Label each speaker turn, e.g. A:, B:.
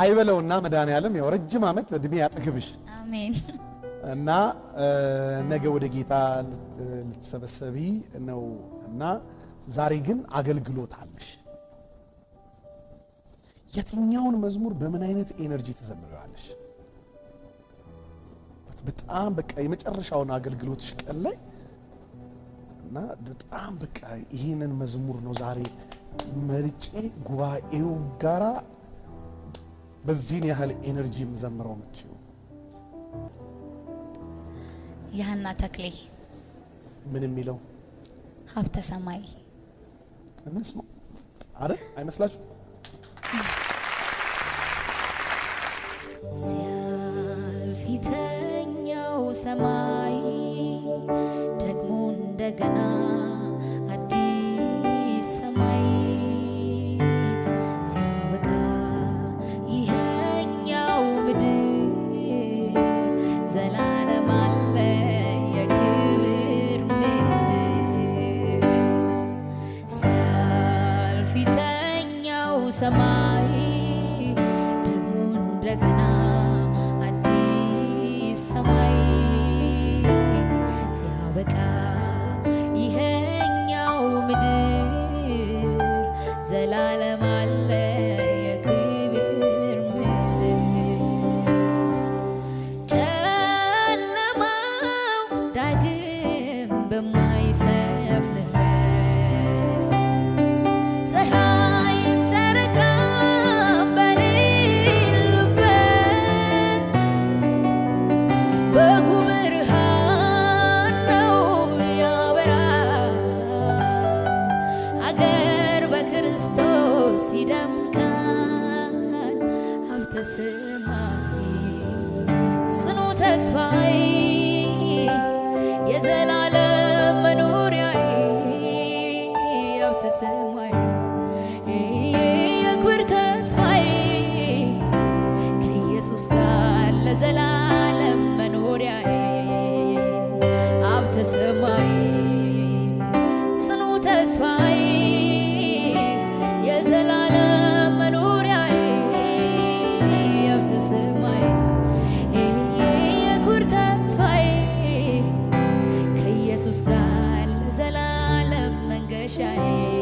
A: አይበለውና መድኃኔዓለም ያው ረጅም ዓመት እድሜ ያጠግብሽ። አሜን። እና ነገ ወደ ጌታ ልትሰበሰቢ ነው እና ዛሬ ግን አገልግሎት አለሽ። የትኛውን መዝሙር በምን አይነት ኤነርጂ ትዘምሪዋለሽ? በጣም በቃ የመጨረሻውን አገልግሎትሽ ቀን ላይ እና በጣም በቃ ይህንን መዝሙር ነው ዛሬ መርጬ ጉባኤው ጋራ በዚህን ያህል ኤነርጂ የምዘምረው የምትይው
B: ያህና ተክሌ ምን የሚለው ሀብተ ሰማይ
A: ምንስ አረ አይመስላችሁ?
C: ፊተኛው ሰማይ ደግሞ እንደገና ሰማይ ደግሞ እንደገና አዲስ ሰማይ ሲያበቃ ይሄኛው ምድር ዘላለም አለ የክብር ጨለማው ዳግም በማይሰፍንበት ያደምቃል ሀብተ ሰማይ ጽኑ ተስፋ deixarei.